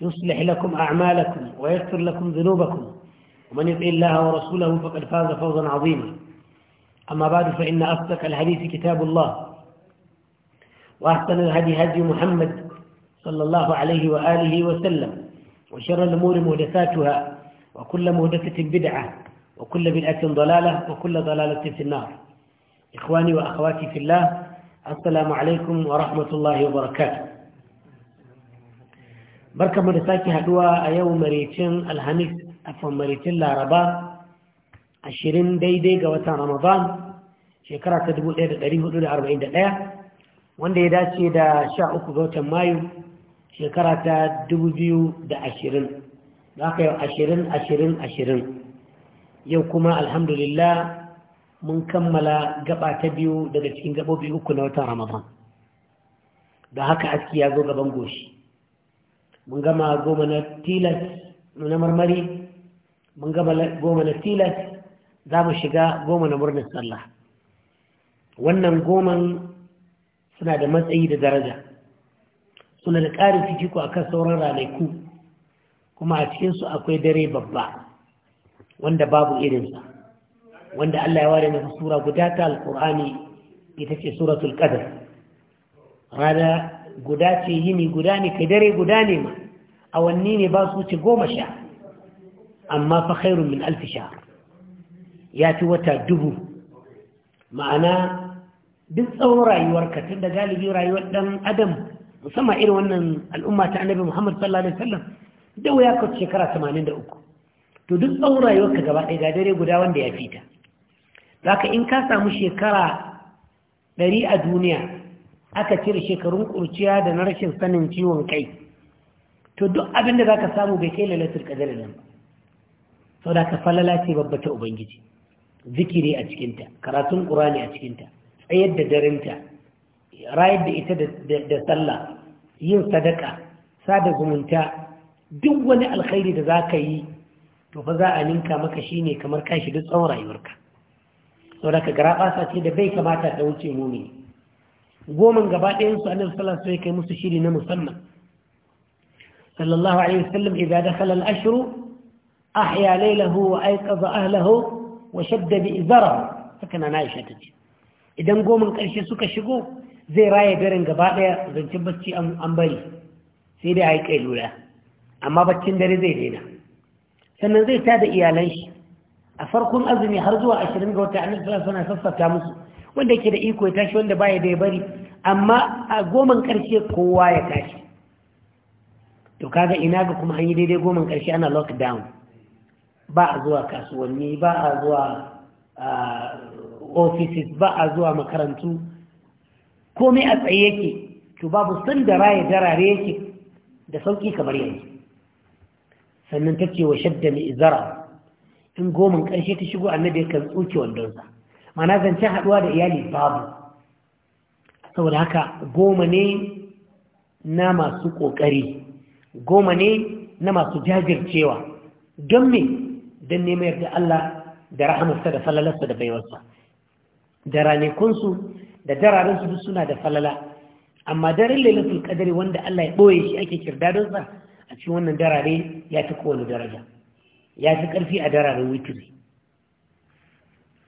يصلح لكم أعمالكم ويغفر لكم ذنوبكم ومن يطع الله ورسوله فقد فاز فوزا عظيما أما بعد فإن أصدق الحديث كتاب الله وأحسن الهدي هدي محمد صلى الله عليه وآله وسلم وشر الأمور مهدثاتها وكل مهدثة بدعة وكل بدعة ضلالة وكل ضلالة في النار إخواني وأخواتي في الله السلام عليكم ورحمة الله وبركاته barka da sake haduwa a yau maricin alhamis a maricin laraba ashirin daidai ga watan ramadan shekara ta 1441 wanda ya dace da 13 ga watan mayu shekara ta 2020 da aka yau ashirin ashirin ashirin yau kuma alhamdulillah mun kammala gaba ta biyu daga cikin gabobi uku na watan ramadan da haka aski ya zo gaban goshi mun gama goma na tilas na marmari mun gama goma na tilas za mu shiga goma na murnar sallah wannan goman suna da matsayi da daraja suna da ƙarin fijiko a kan sauran ranaku kuma a cikinsu akwai dare babba wanda babu irinsa wanda Allah ya ware masa sura guda ta alƙur'ani ita ce suratul qadr rana guda ce yini guda ne kai dare guda ne ma awanni ne ba su ce goma sha amma fa khairun min alfi sha ya fi wata dubu ma'ana duk tsawon rayuwarka tun da galibi rayuwar ɗan adam musamman irin wannan al'umma ta annabi muhammad sallallahu alaihi wasallam da wuya ka shekara uku, to duk tsawon rayuwarka gaba ɗaya ga dare guda wanda ya fita zaka in ka samu shekara ɗari a duniya aka cire shekarun kurciya da na rashin sanin ciwon kai to duk abin da za ka samu bai kai lalatar ƙadarin nan sau da ka falala ce babba ta ubangiji zikiri a cikinta karatun ƙurani a cikinta tsayar da darinta rayar da ita da sallah yin sadaka sada zumunta duk wani alkhairi da za ka yi to fa za a ninka maka shi ne kamar kashi duk tsawon rayuwarka sau da ka gara ce da bai kamata ta wuce mumini goman gaba ɗayan su annabi sallallahu alaihi wasallam kai musu shiri na musamman sallallahu alaihi wasallam idza dakhala al-ashru ahya laylahu wa ayqadha ahlihi wa shadda bi izara haka na Aisha tace idan goman ƙarshe suka shigo zai raye daren gaba ɗaya zancin bacci an bari sai dai ayi kai lura amma baccin dare zai daina sannan zai tada iyalan shi a farkon azumi har zuwa 20 ga wata annabi sallallahu alaihi wasallam sassaka musu wanda ke da iko ya tashi wanda baya da ya bari amma a goman karshe kowa ya tashi to kaga ina ga kuma an daidai goman karshe ana lockdown ba a zuwa kasuwanni ba a zuwa offices ba a zuwa makarantu komai a tsaye yake to babu sun da raye darare yake da sauki kamar yanzu sannan ta ce wa shadda mai izara in goman karshe ta shigo annabi kan tsuke wandonsa mana zance haɗuwa da iyali babu saboda haka goma ne na masu ƙoƙari goma ne na masu jajircewa don me don neman yarda Allah da rahamarsa da falalarsa da baiwarsa da ranekunsu da dararinsu duk suna da falala amma daren lailatul qadari wanda Allah ya ɓoye shi ake kirdadonsa a cikin wannan darare ya fi kowane daraja ya fi ƙarfi a dararen wikiri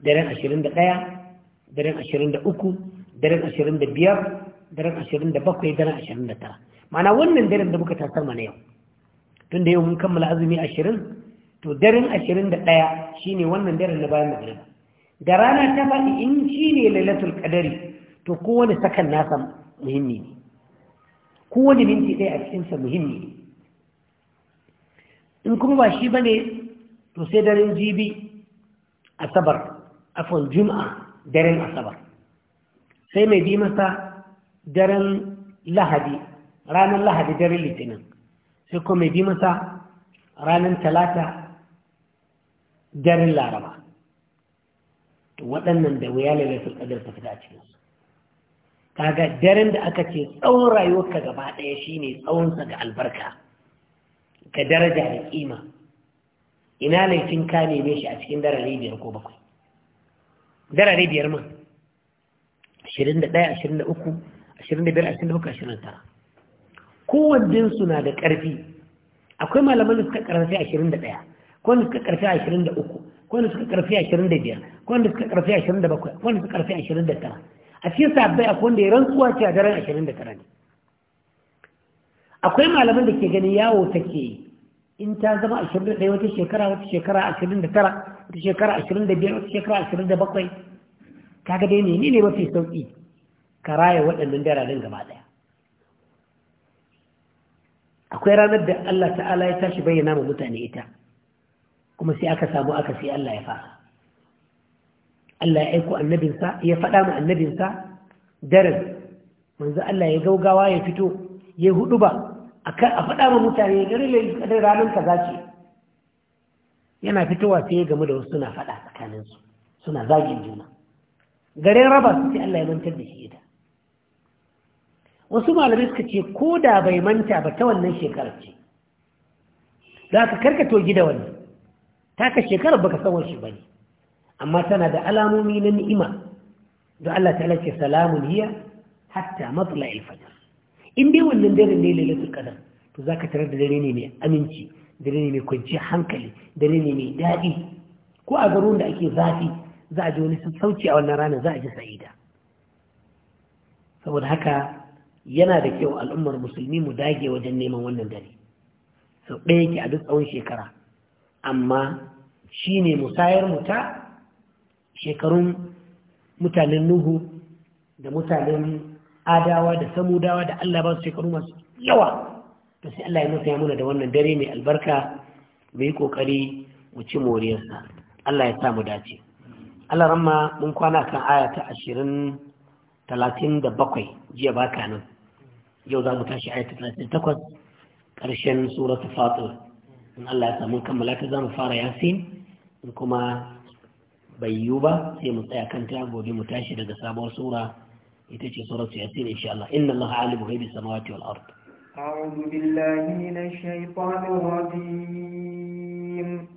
daren ashirin da ɗaya daren ashirin da uku daren ashirin da biyar daren ashirin da bakwai daren ashirin da tara mana wannan daren da muka tasar mana yau tun da yau mun kammala azumi ashirin to daren ashirin da ɗaya shi ne wannan daren na bayan magana da rana ta faɗi in shi ne lailatul ƙadari to kowane sakan nasa muhimmi ne kowane minti ɗaya a cikinsa muhimmi ne in kuma ba shi ba ne to sai daren jibi asabar afon juma'a daren asabar sai mai bi masa daren lahadi ranar lahadi daren litinin sai kuma mai bi masa ranar talata daren laraba waɗannan da wuya lalata ƙadar ta fita cikinsu kaga daren da aka ce tsawon rayuwarka gaba ɗaya shi ne tsawonsa ga albarka ka daraja da ƙima ina laifin ka neme shi a cikin daren biyar ko bakwai darare biyar ma da uku ashirin da tara. kowannensu na da ƙarfi akwai malaman da suka ƙarfi 21 kowanda suka ƙarfi 23 kowanda suka ƙarfi 25 kowanda suka ƙarfi 27 kowanda suka ƙarfi 29 a cikin sabbai akwai wanda ya rantsuwa ce a daren 29 ne akwai malaman da ke ganin yawo take in ta zama 21 wata shekara wata shekara 29 wata shekara 25 wata shekara 27 kaga dai ne ne mafi sauki ka raya waɗannan dararin gaba ɗaya akwai ranar da Allah ta'ala ya tashi bayyana ma mutane ita kuma sai aka samu aka sai Allah ya fara Allah ya aiko annabinsa ya faɗa ma annabinsa daren manzo Allah ya gaugawa ya fito ya hudu ba a faɗa ma mutane gari lai kadai ranar kaza ce yana fitowa sai game da wasu suna faɗa tsakaninsu suna zagin juna garin raba su sai Allah ya mantar da shi ita wasu malamai suka ce ko da bai manta ba ta wannan shekarar ce za ka karkato gida wani ta ka shekarar baka san wani ba ne amma tana da alamomi na ni'ima don Allah ta lace salamun hiya hatta matsala ilfajar in dai wannan dare ne lailatul qadar to zaka tarar da dare ne mai aminci dare ne mai kwanci hankali dare ne mai daɗi ko a garin da ake zafi za a ji wani sauci a wannan ranar za a ji sa'ida saboda haka yana da kyau al'ummar musulmi mu dage wajen neman wannan dare sau ɗaya yake a duk tsawon shekara amma shi ne musayar muta shekarun mutanen nuhu da mutanen adawa da samudawa da Allah ba su shekaru masu yawa da sai Allah ya musa ya muna da wannan dare mai albarka mai kokari mu ci moriyarsa Allah ya sa mu dace Allah ramma mun kwana kan aya ta da 37 jiya baka nan yau za mu tashi aya ta 38 karshen suratul fatir in Allah ya sa mun kammala ta za mu fara yasin in kuma bai yiwu ba sai mu tsaya kanta gobe mu tashi daga sabuwar sura يتجي ce سياسين إن شاء الله إن الله عالم غيب السماوات والأرض أعوذ بالله من الشيطان الرجيم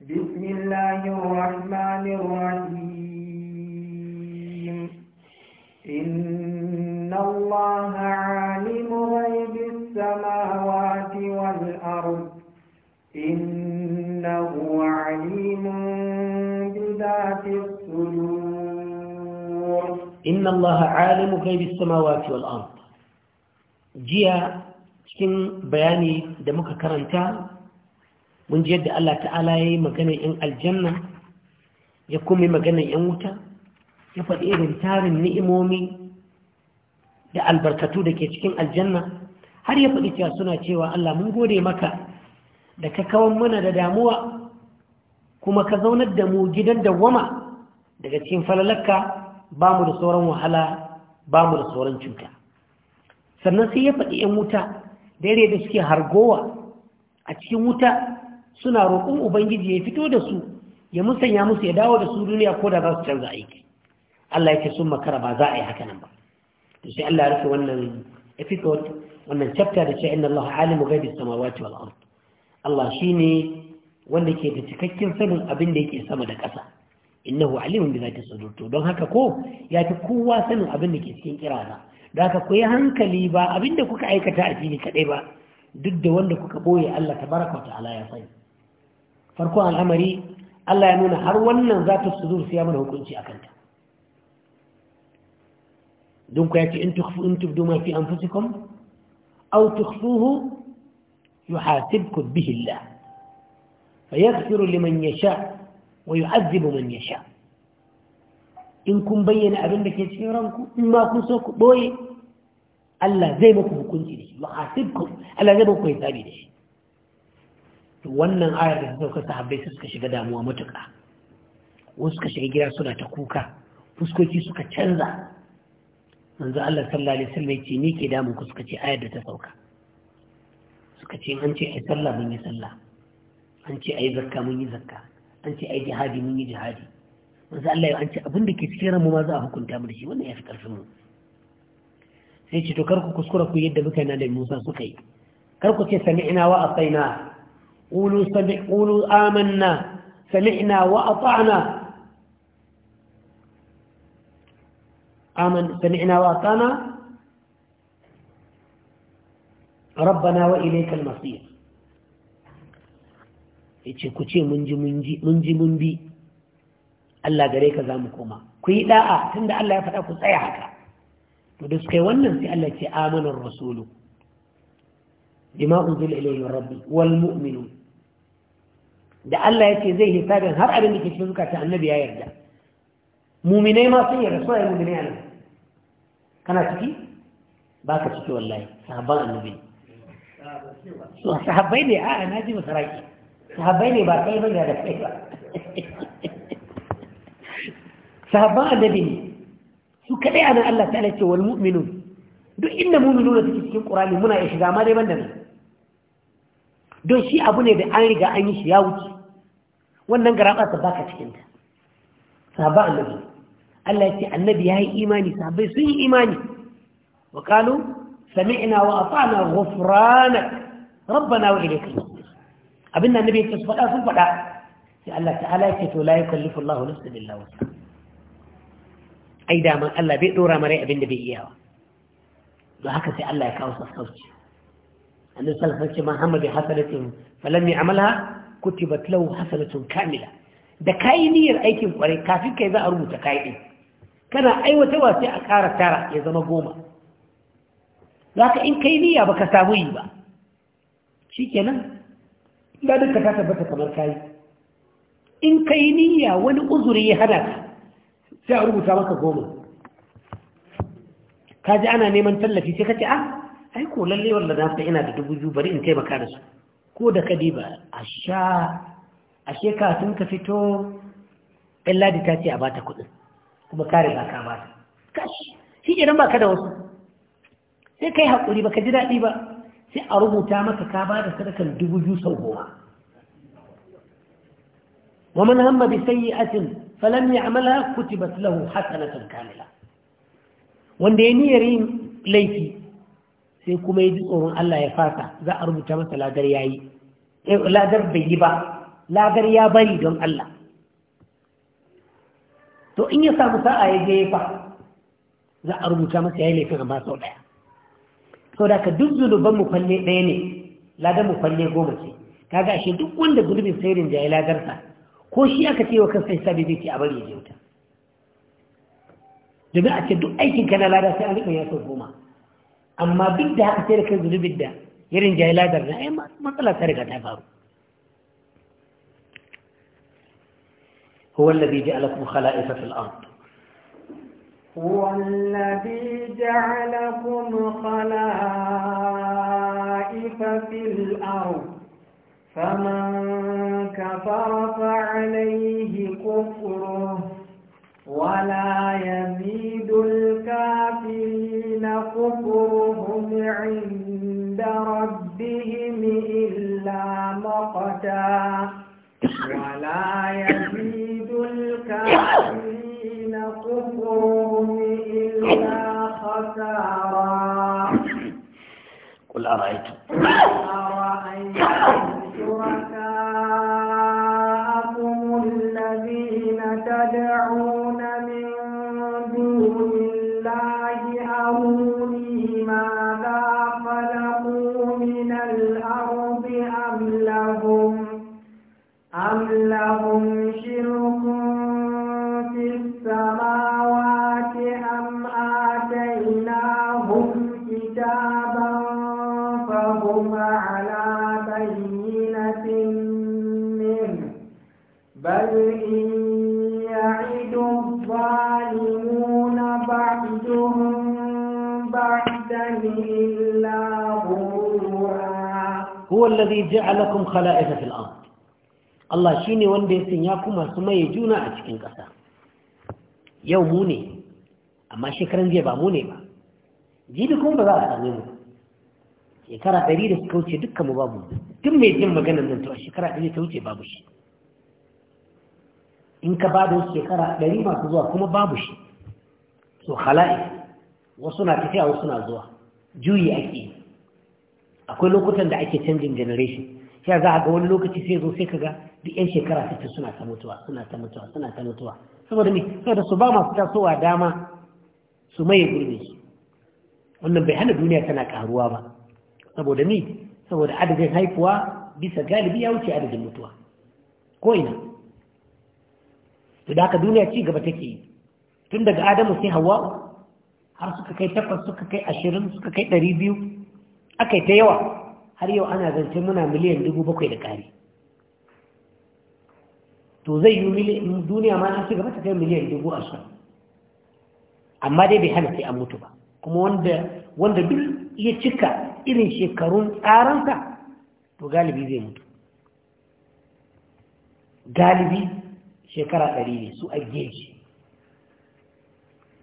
بسم الله الرحمن الرحيم إن الله عالم غيب السماوات والأرض إنه عليم بذات الصدور inna allaha alimu ghaibis samawati wal ard jiya cikin bayani da muka karanta mun ji yadda Allah ta'ala ya yi maganar yan aljanna ya kuma maganar yan wuta ya faɗi irin tarin ni'imomi da albarkatu da ke cikin aljanna har ya faɗi cewa suna cewa Allah mun gode maka da ka kawan mana da damuwa kuma ka zaunar da mu gidan dawwama daga cikin falalakka ba mu da sauran wahala ba mu da sauran cuta sannan sai ya faɗi 'yan wuta daidai da suke hargowa a cikin wuta suna roƙon ubangiji ya fito da su ya musanya musu ya dawo da su duniya ko da za su canza aiki Allah ya ce sun makara ba za a yi haka nan ba to sai Allah ya rufe wannan episode wannan chapter da ce inna Allah alimu ghaibi samawati wal ard Allah shine wanda ke da cikakken sanin abin da yake sama da ƙasa innahu alimun bi zati sudur to don haka ko ya fi kowa sanin abin da ke cikin kirana da haka ku yi hankali ba abin da kuka aikata a fili kadai ba duk da wanda kuka boye Allah tabaraka wa ta'ala ya sani farkon al'amari Allah ya nuna har wannan zatu sudur sai ya mana hukunci akan ta don ku ya ce in tukfu in tubdu ma fi anfusikum aw tukhfuhu yuhasibkum bihi Allah fayaghfiru liman yasha wa yu'azzibu man yasha in kun bayyana abin da ke cikin ranku in ma kun so ku boye Allah zai muku hukunci da shi wa hasibkum Allah zai muku hisabi da shi to wannan ayar da ta suka sahabbai suka shiga damuwa matuƙa wasu suka shiga gida suna ta kuka fuskoki suka canza manzo Allah sallallahu alaihi wasallam yace ni ke damun ku suka ce ayar da ta sauka suka ce an ce ai sallah mun yi sallah an ce ai zakka mun yi zakka an ce ai jihadi mun yi jihadi manzo Allah an ce abin da ke cikin ranmu ma za a hukunta mu da shi wannan ya fi karfin mu sai ce to kar ku kuskura ku yadda muka na da Musa suka yi kar ku ce sami'na wa asaina qulu sami qulu amanna sami'na wa ata'na aman sami'na wa ata'na ربنا وإليك المصير yace ku ce mun ji mun bi Allah gare ka za mu koma ku yi da'a tunda Allah ya faɗa ku tsaya haka to da suka yi wannan sai Allah ce amanar rasulu bima unzila ilayhi rabbi wal mu'minun da Allah ya ce zai hisabi har abin da ke cikin zukata annabi ya yarda muminai ma sun yarda so ya muminai a nan kana ciki ba ka ciki wallahi sahabban annabi sahabbai ne a'a na ji masaraki Sahabai ne ba kai ba da kai ba sahabban annabi ne su kadai ana Allah ta alace wal mu'minun duk inda mu'minun da suke cikin qur'ani muna ya shiga ma dai banda ne don shi abu ne da an riga an yi shi ya wuce wannan garaba ta baka cikin ta annabi Allah ya ce annabi ya yi imani sahabbai sun yi imani wa qalu sami'na wa ata'na ghufranak rabbana wa ilayka abin da nabi ya ce su faɗa sun faɗa sai Allah ta'ala ya ce to la yukallifu Allahu nafsan illa wusa ai da man Allah bai dora mare abin da bai iya ba don haka sai Allah ya kawo sassauci annabi sallallahu alaihi wasallam Muhammad hasanatin falam ya'malha kutibat lahu hasanatun kamila da kai niyyar aikin kwarai kafin kai za a rubuta kai din kana aiwatarwa sai a kara tara ya zama goma zaka in kai niyya ba ka samu yi ba shi kenan ladin ka ta tabbata kamar kayi in ka yi niyya wani uzuri ya hana ka sai a rubuta maka goma ka ji ana neman tallafi sai ka ce ah ai ko lalle wanda na san ina da dubu biyu bari in taimaka da su ko da ka diba a sha a ka fito ɗan ladi ta ce a bata kuɗin kuma ka riga ka bata kashi shi idan ba ka da wasu sai kai haƙuri ba ka ji daɗi ba sai a rubuta maka ka ba da sadakan dubu biyu sau goma wa man hamma bi sayyi'atin kuti ya'malha kutibat lahu hasanatan kamila wanda ya niyyar yin laifi sai kuma ya ji tsoron Allah ya fasa za a rubuta masa ladar yayi eh, ladar bai yi ba ladar ya bari don Allah to in ya samu sa'a ya je fa za a rubuta masa yayi laifin amma sau ɗaya. sau da ka duk zunuban mu falle ɗaya ne ladan mu falle goma ce Ka ga ashe duk wanda zunubin sairin ya ladarsa ko shi aka ce wa kansa sabi zai ce a bari ya je wuta domin a ce duk aikin kana lada sai an riƙa ya sau goma amma duk da haka sai da kai zunubin da irin jayi ladar na ai matsala ta riga ta faru هو الذي جعلكم خلائف في الأرض هو الذي جعلكم خلائف في الأرض فمن كفر فعليه كفره ولا يزيد الكافرين كفرهم عند ربهم إلا مقتا ولا يزيد وسارا قل أرأيتم أرأيتم بل إن يعد الظالمون بعدهم بعدا إلا غرورا هو الذي جعلكم خلائف في الأرض Allah shi ne wanda ya sanya ku masu maye juna a cikin ƙasa yau mu ne amma shekaran jiya ba mu ne ba jibi kuma ba za a same mu shekara ɗari da suka wuce dukkan mu babu tun mai jin maganar nan to a shekara ɗari ta wuce babu shi in ka ba da wasu shekara ɗari masu zuwa kuma babu shi so hala'i wasu na tafiya wasu na zuwa juyi ake yi. akwai lokutan da ake canjin generation shi za a ga wani lokaci sai zo sai ka ga duk 'yan shekara ta suna ta mutuwa suna ta mutuwa suna ta mutuwa saboda me saboda su ba masu tasowa dama su maye gurbe su wannan bai hana duniya tana karuwa ba saboda me saboda adadin haifuwa bisa galibi ya wuce adadin mutuwa ko ina to da aka duniya ci gaba take yi tun daga adamu sai hawa har suka kai takwas suka kai ashirin suka kai ɗari biyu aka yi ta yawa har yau ana zance muna miliyan dubu bakwai da ƙari to zai yi duniya ma ci gaba ta kai miliyan dubu ashirin amma dai bai hana sai an mutu ba kuma wanda wanda duk ya cika irin shekarun tsaransa to galibi zai mutu galibi shekara ɗari ne su a geji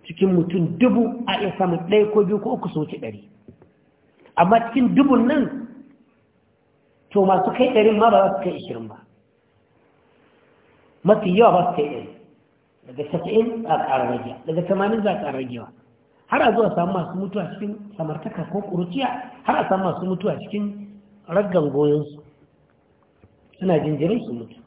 cikin mutum dubu a iya samun ɗaya ko biyu ko uku su wuce ɗari amma cikin dubun nan to masu kai ɗarin ma ba za su kai ishirin ba mafi yawa ba su kai ɗari daga tasa'in a ƙarar rage daga tamanin za a ƙarar ragewa har a zuwa samu masu mutuwa cikin samartaka ko ƙuruciya har a samu masu mutuwa cikin raggan goyonsu suna jinjirai su mutu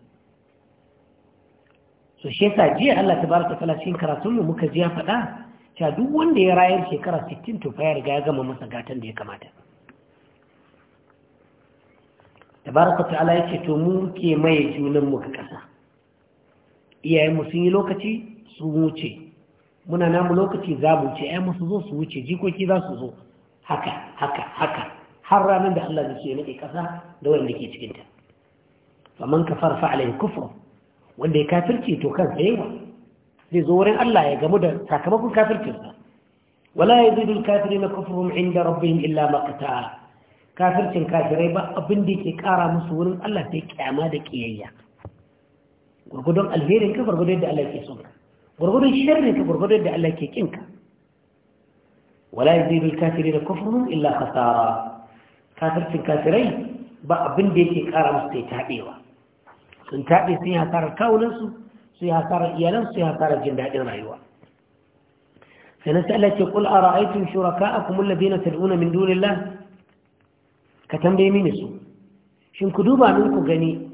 so shi yasa jiya Allah tabaraka taala cikin karatun mu muka jiya faɗa cewa duk wanda ya rayar shekara 60 to fa ya riga ya gama masa gatan da ya kamata tabaraka ta'ala yace to mu ke mai junan mu kasa iyayen mu sun yi lokaci su wuce muna namu lokaci za mu wuce ayan mu su zo su wuce jikoki za su zo haka haka haka har ranar da Allah zai ce ne kasa da wanda ke cikin ta faman kafar fa alai wanda ya kafirci to kan sai yawa zai zo wurin Allah ya gamu da sakamakon kafircinsa wala yazidul kafirina kufrum inda rabbihim illa maqta kafircin kafirai ba abin da yake kara musu wurin Allah sai kiyama da kiyayya gurgudun alherin ka gurgudun da Allah ke son ka gurgudun sharrin ka gurgudun da Allah ke kin ka wala yazidul kafirina kufrum illa khasara kafircin kafirai ba abin da yake kara musu sai tadewa sun taɓe sun yi hasarar kawunansu sun yi hasarar iyalansu sun yi hasarar jin daɗin rayuwa sai na sallar ce kul a ra'aikin shuraka a kuma labina tad'una min dunillah ka tambaye mini su shin ku duba min ku gani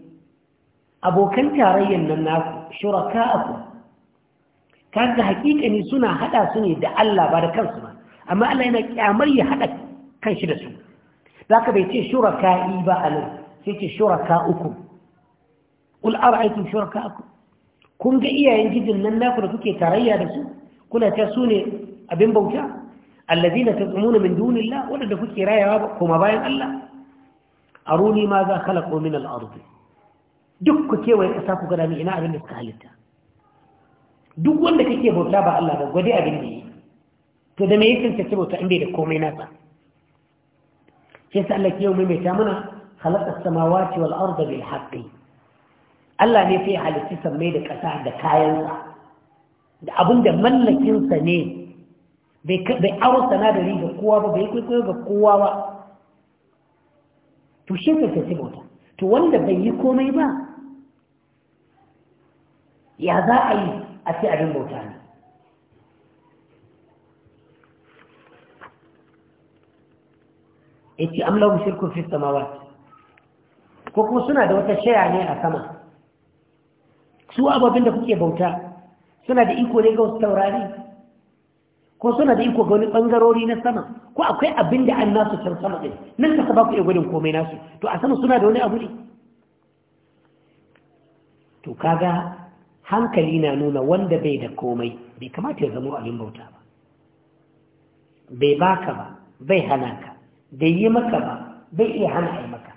abokan tarayyar nan na shuraka a ku kaga hakika ne suna haɗa su ne da Allah ba da kansu ba amma Allah yana kyamar ya kan kanshi da su zaka bai ce shuraka'i ba a nan sai ce shuraka uku kul ara'aytum shuraka'akum kun ga iyayen gijin nan naku da kuke tarayya da su kuna ta su ne abin bauta allazina tazumuna min dunillah wanda kuke rayawa kuma bayan Allah aruni ma za khalaqu min al-ard duk ku kewaye kasa ku gada ina abin da suka halitta duk wanda kake bauta ba Allah ba gwade abin da yi to da me yake kace bauta in bai da komai nasa sai sa Allah ke yau mai ta muna khalaqa as-samawati wal arda Allah ne sai halitti sammai da ƙasa da kayansa da abin da mallakinsa ne bai aro sanadari ga kowa ba bai kwaikwayo ga kowa ba to shi ka ta cibota, to wanda bai yi komai ba ya za a yi a fi abin bauta ne yace am lahu shirkun fi samawa, ko kuma suna da wata shaya ne a sama su ababin da kuke bauta suna da iko ne ga wasu taurari ko suna da iko ga wani bangarori na sama ko akwai abin da an nasu can sama ɗin nan kasa ba ku iya gudun komai nasu to a sama suna da wani abu ne to kaga hankali na nuna wanda bai da komai bai kamata ya zama abin bauta ba bai baka ba bai hana ka bai yi maka ba bai iya hana a maka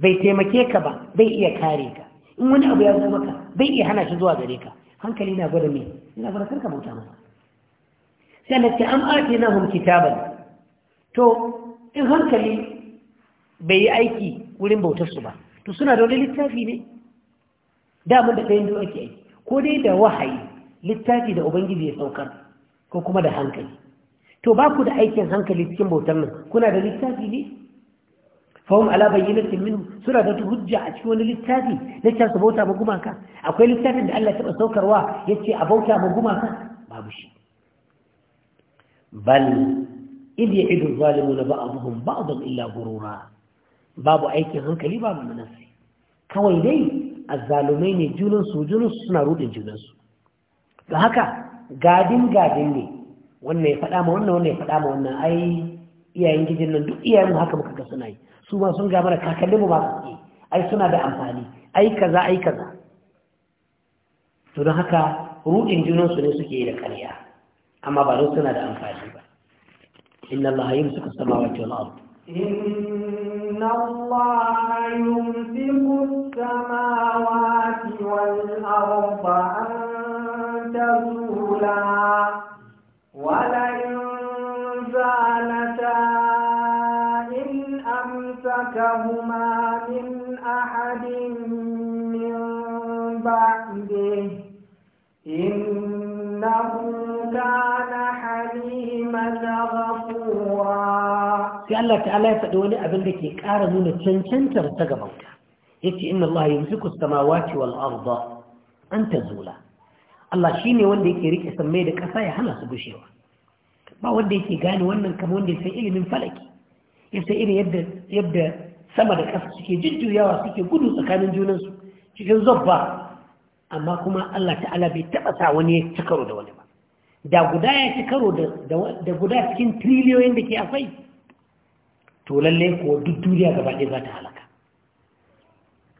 bai taimake ka ba bai iya kare ka in wani abu ya zo maka bai iya hana shi zuwa gare ka hankali na gwada me ina gwada karka bauta masa sai na an ake na hunki kitaban to in hankali bai yi aiki wurin bautarsu ba to suna da wani littafi ne damar da ɗayan ake aiki ko dai da wahayi littafi da ubangiji ya saukar ko kuma da hankali to ba ku da aikin hankali cikin bautar nan kuna da littafi ne fahim ala bayyanatin minhu suna da hujja a cikin wani littafi na cewa su bauta ma gumaka akwai littafin da Allah taɓa saukarwa ya ce a bauta ma gumaka babu shi bal idh ya'idu zalimuna ba'dhum ba'dhan illa gurura. babu aikin hankali ba babu nasi. kawai dai azzalumai ne junan su junan suna rudin junan su da haka gadin gadin ne wannan ya faɗa ma wannan wannan ya faɗa ma wannan ai iyayen gidan nan duk iyayen haka muka ga suna yi su ma sun ga mana mu ba su ai suna da amfani ai kaza ai kaza to don haka ruɗin junansu ne suke yi da ƙarya amma ba don suna da amfani ba inna Allah yi musu wal ard inna allaha yumsiku samawati wal ard an tazula wa la مَسَّكَهُمَا مِنْ أَحَدٍ مِنْ بَعْدِهِ إِنَّهُ كَانَ حَلِيمًا غَفُورًا sai Allah ta'ala ya faɗi wani abin da ke ƙara nuna cancantar ta gabanta yace inna Allah yumsiku as-samawati wal arda an tazula Allah shine wanda yake rike sammai da ƙasa ya hana su bushewa, ba wanda yake gane wannan kamar wanda ya san ilimin falaki yace irin yadda yadda sama da ƙasa suke jujjuyawa suke gudu tsakanin junansu cikin zobba amma kuma Allah ta'ala bai taɓa sa wani ya ci karo da wani ba da guda ya ci karo da guda cikin triliyoyin da ke akwai to lalle ko duk duniya gaba ɗaya za ta halaka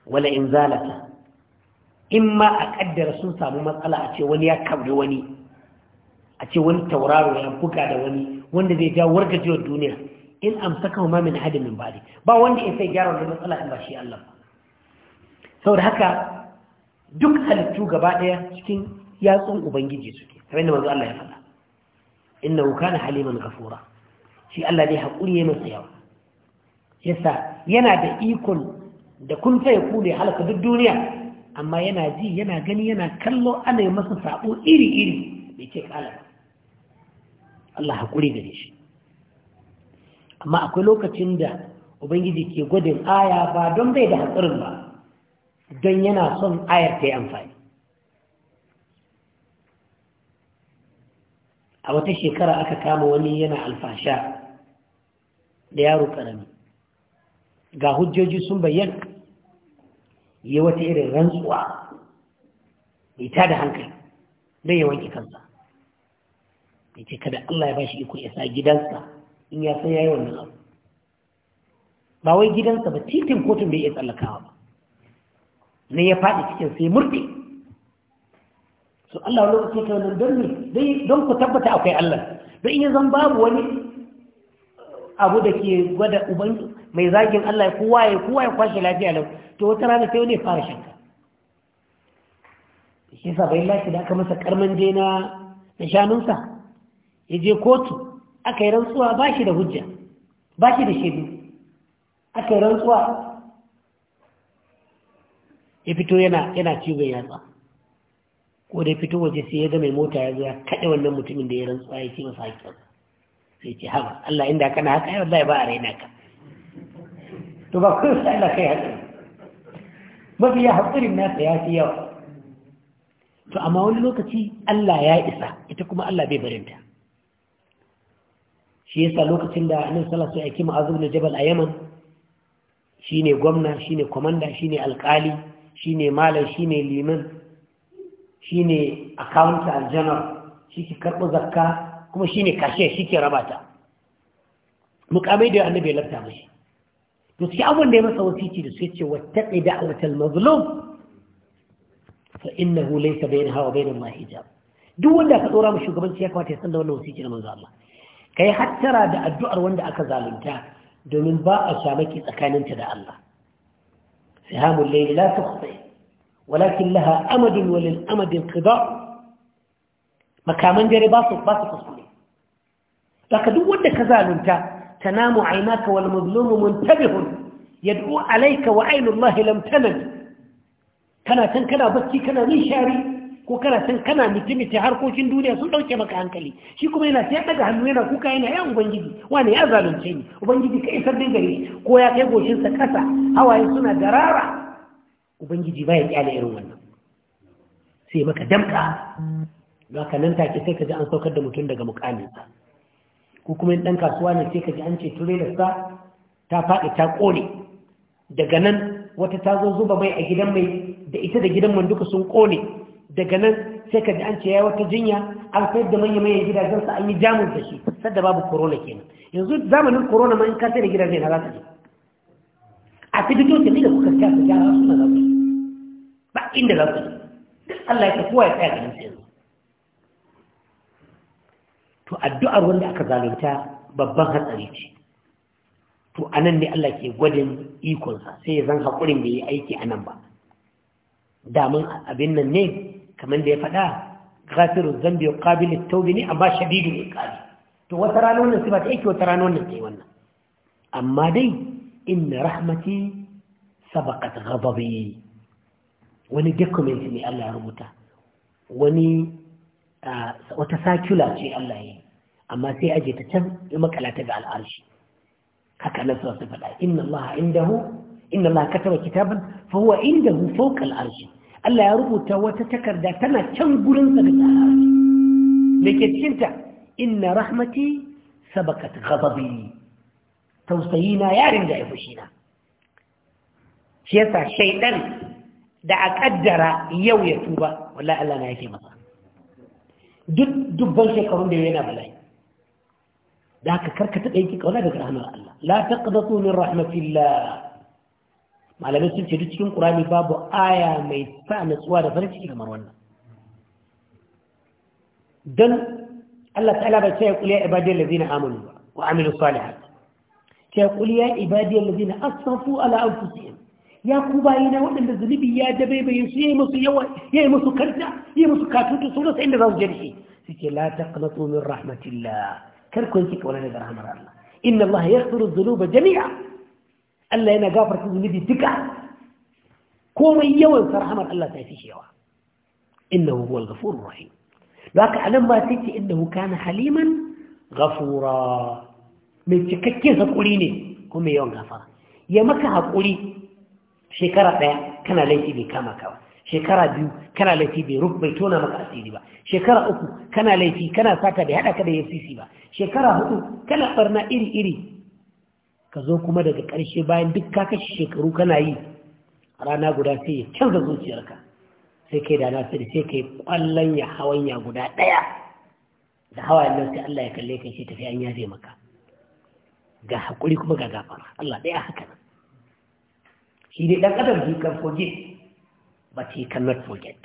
wala in zalata in ma a ƙaddara sun samu matsala a ce wani ya kabri wani a ce wani tauraro ya buga da wani wanda zai ja wargajewar duniya in amsaka ma min ahadin min ba'di ba wanda ya sai gyara wannan matsala in ba shi Allah ba saboda haka duk halittu gaba daya cikin yatsun ubangiji suke kamar da manzo Allah ya faɗa innahu kana haliman ghafura shi Allah dai hakuri ya masa yawa yasa yana da ikon da kun ta ya kule halaka duk duniya amma yana ji yana gani yana kallo ana yi masa sabo iri iri bai ce kala Allah hakuri gare shi amma akwai lokacin da ubangiji ke gwadin aya ba don bai da hatsarin ba don yana son ayar ta yi amfani a wata shekara aka kama wani yana alfasha da yaro karami ga hujjoji sun bayyana yi wata irin rantsuwa mai ta da hankali don yawan wanke kansa ya kada Allah ya ba shi iko ya sa gidansa in ya san yayi wannan abu ba wai gidansa ba titin kotun bai iya tsallakawa ba ne ya faɗi cikin sai murɗe su Allah wani lokaci ta wannan don ne don ku tabbata akwai Allah don in zan babu wani abu da ke gwada uban mai zagin Allah ya kowa ya kowa ya kwashe lafiya lau to wata rana sai wani ya fara shanka shi sa bai lafi da aka masa karman jena na shanunsa ya je kotu aka yi rantsuwa ba shi da hujja ba shi da shaidu aka yi rantsuwa ya fito yana cizon yatsa ko da ya fito waje sai ya ga mai mota ya zo ya kaɗe wannan mutumin da ya rantsuwa ya ce masa haƙƙin sai ce haɓa, Allah inda kana haƙa, yau zai ba a raina ka to ba kun sa Allah kai haƙƙin mafi ya haƙƙirin nasa ya fi yawa to amma wani lokaci Allah ya isa ita kuma Allah bai barinta shi yasa lokacin da annabi sallallahu alaihi wasallam ya kima jabal a yaman shine gwamna shine komanda shine alkali shine malam shine liman shine al general shike karbo zakka kuma shine kashe shike rabata mukamai da annabi ya lafta mashi to shi abun da ya masa wasici da su yace wattaqi da'watal mazlum fa innahu laysa bainaha wa bainal hijab duk wanda ka tsora mu shugabanci ya kamata ya san da wannan wasici na manzo Allah ka yi hattara da addu'ar wanda aka zalunta domin ba a shamaki tsakaninta da Allah sihamun laili la kusai. walakin laha Amadin walil amadin qida makaman dare ba su ba su kuskure daga duk wanda ka zalunta ta tanamu aynaka wal mazlumu mun yad'u alayka wa alaika Allah lam tanam kana can, kana bacci kana nishari ko kana san kana mutumci harkokin duniya sun dauke maka hankali shi kuma yana sai daga hannu yana kuka yana ya ubangiji wani ya zalunce ni ubangiji ka isar din gare ko ya kai goshin sa kasa hawaye suna garara ubangiji baya kyale irin wannan sai maka damka ka nan take sai ka ji an saukar da mutum daga sa ko kuma in dan kasuwa ne sai ka ji an ce da sa ta faɗi ta kore daga nan wata ta zo zuba mai a gidan mai da ita da gidan man duka sun kone daga nan sai ka ji an ce ya wata jinya an sayar da manya manyan gidajen sa an yi jamus da shi sadda babu corona kenan yanzu zamanin corona ma in ka sai da gidajen na za ka je a fititocin da kuka siya su gyara suna za ku ba inda za ku Allah ya kowa ya tsaya ganin yanzu to addu'ar wanda aka zalunta babban hatsari ce to anan ne Allah ke gwadin ikonsa sai ya zan haƙurin bai yi aiki anan ba damun abin nan ne kamar da ya faɗa ghafiruz zambi wa qabilut tawbi ne amma shadidul iqabi to wata rana wannan sifa ta yake wata rana wannan ta yi wannan amma dai inna rahmati sabaqat ghadabi wani document ne Allah ya rubuta wani wata sakula ce Allah ya yi amma sai aje ta can ya makala ta ga al'arshi haka nan sura ta faɗa inna Allah indahu inna Allah kataba kitaban fa huwa indahu fawqa al'arshi Allah ya rubuta wata takarda tana can gurin sa da ke cikinta inna rahmati sabakat tausayina yarin da ya fushi na shi yasa shaidan da a kaddara yau ya tuba wala Allah na yake masa duk dubban shekarun da yana bala'i da haka karkata ɗaiki kauna daga rahmar Allah la taqdatu min rahmatillah malamai sun ce duk cikin ƙurani babu aya mai sa natsuwa da farin ciki kamar wannan don Allah ta'ala bai ce ya kuliya ibadiyar lazina amanu ba wa amilu salihat ce ya kuliya ibadiyar lazina asafu ala anfusihim ya ku bayi na waɗanda zunubi ya dabaibaye su yayi musu yawa yayi musu karta yayi musu katutu Su rasa inda za su je da shi la taqnatu min rahmatillah kar ku yanke kauna daga rahmar Allah inna Allah yaghfiru dhunuba jami'a Allah yana gafarta zunubi duka komai yawan sarhamar Allah ta fi shewa innahu huwal ghafurur rahim haka anan ba sai ce innahu kana haliman ghafura mai cikakken hakuri ne kuma yawan gafara ya maka hakuri shekara daya kana laifi bai kama ka ba shekara biyu kana laifi bai ruf bai tona maka asiri ba shekara uku kana laifi kana sata bai hada ka da FCC ba shekara hudu kana barna iri iri ka zo kuma daga ƙarshe bayan duk ka kashe shekaru kana yi rana guda sai ya canza zuciyarka sai kai da na sai sai kai kwallon ya hawan ya guda ɗaya da hawa nan sai Allah ya kalle kai shi tafi an yaje maka ga hakuri kuma ga gafara Allah ɗaya haka nan shi ne ɗan adam he can but he cannot forget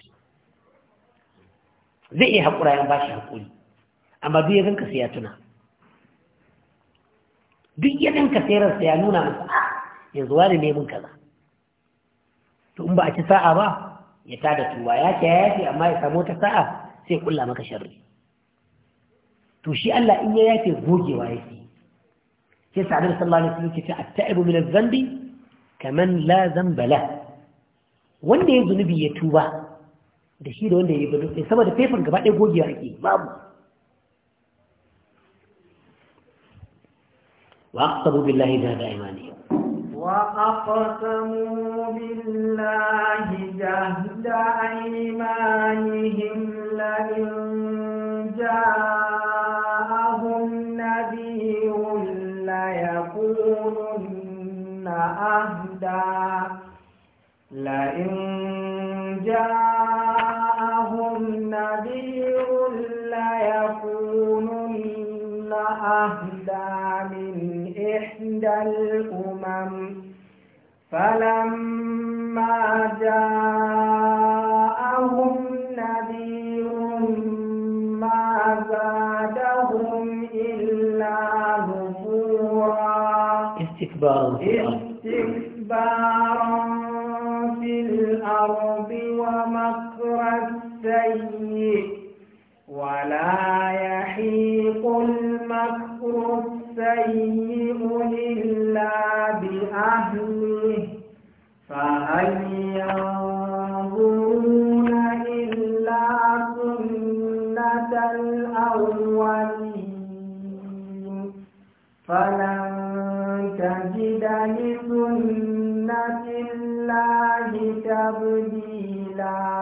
zai iya haƙura yan ba shi haƙuri amma duk ya ganka sai ya tuna duk yadin ka sayararsa ya nuna masa ah, yanzu wani ne mun kaza to in ba a ci sa'a ba ya tada tuwa ya ce ya yafe amma ya samu ta sa'a sai kulla maka sharri to shi Allah in ya yafe gogewa ya fi sai sa'adar sallallahu alaihi wasallam ce at-ta'ibu min kaman la dhanba la wanda ya zunubi ya tuba da shi da wanda ya yi zunubi da fefan gaba ɗaya gogewa ake babu وأقسموا بالله جهد أيمانهم وأقسموا بالله جهد أيمانهم لئن جاءهم نذير ليكونن أهدى لئن جاءهم نذير ليكونن أهدى من إحدى الأمم فلما جاءهم نذير ما زادهم إلا نفورا استكبارا في الأرض استكبارا في الأرض ومكر السيء ولا يحيق المكر شيء إلا بأهله فهل ينظرون إلا سنة الأولين فلن تجد لسنة الله تبديلا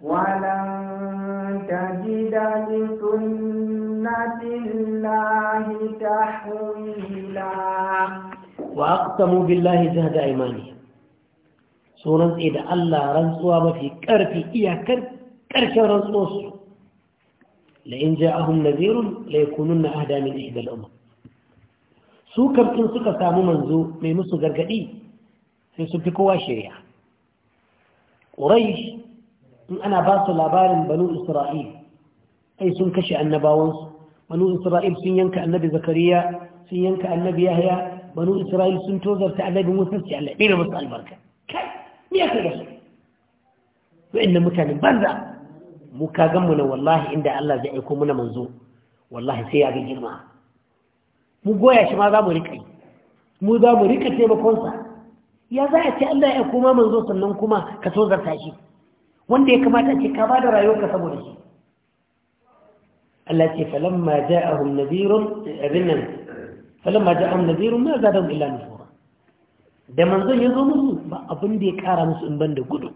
ولن تجد لسنة سنة الله تحويلا وأقسموا بالله جهد أيمانهم سورة إذا الله رنسوا ما في كرفي إيا كرف كرف رنسوا لئن جاءهم نذير ليكونن أهدى من إحدى الأمم su kamfin suka samu manzo mai musu gargadi sai su fi kowa shirya ƙuraish in ana ba su labarin banu isra'il ai sun kashe annabawansu banu isra'il sun yanka annabi zakariya sun yanka annabi yahya banu isra'il sun tozarta annabi musa sai Allah ya musu albarka kai me yake da su inna mutanen banza mu ka ga mu ne wallahi inda Allah zai aiko na manzo wallahi sai ya ga girma mu goya shi ma za mu rika mu za mu rika taimakonsa ya za a ce Allah ya koma manzo sannan kuma ka tozarta shi wanda ya kamata ce ka ba da rayuwarka saboda shi Allah ce falamma ja'ahum nadhirun abinnan falamma ja'ahum nadhirun ma zadahum illa nufura da manzon ya zo musu ba abin da ya kara musu in ban da gudu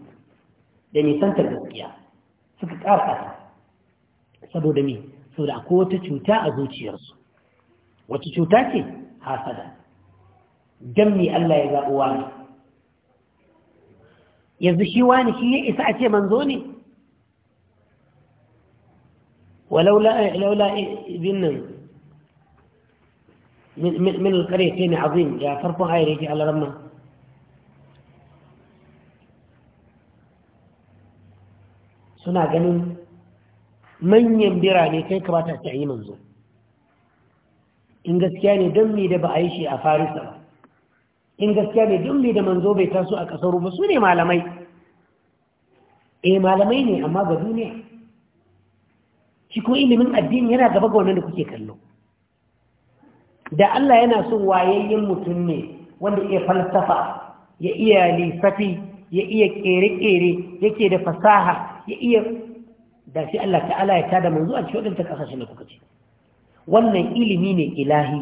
da nisantar gaskiya suka kara ƙasa saboda me saboda akwai wata cuta a zuciyarsu wata cuta ce hasada dan me Allah ya zaɓo wani yanzu shi wani shi ya isa a ce manzo ne ولولا لولا إذن إيه من من من القريتين عظيم يا فرق غيري على رمى سنا جنون من يمدر علي كي كبات تعيين منزل إن جسياني دمي دب عيشي أفارسة إن جسياني دمي دب منزوب يتسوق أكثر وبسوني ما لمي إيه ما لمي إيه أما بدوني shi ilimin addini yana gaba ga wannan da kuke kallo da Allah yana son wayayyen mutum ne wanda iya falsafa ya iya lissafi ya iya kere-kere yake da fasaha ya iya da shi Allah ta'ala ya tada manzo a cikin waɗanta ƙasashen da kuka ce wannan ilimi ne ilahi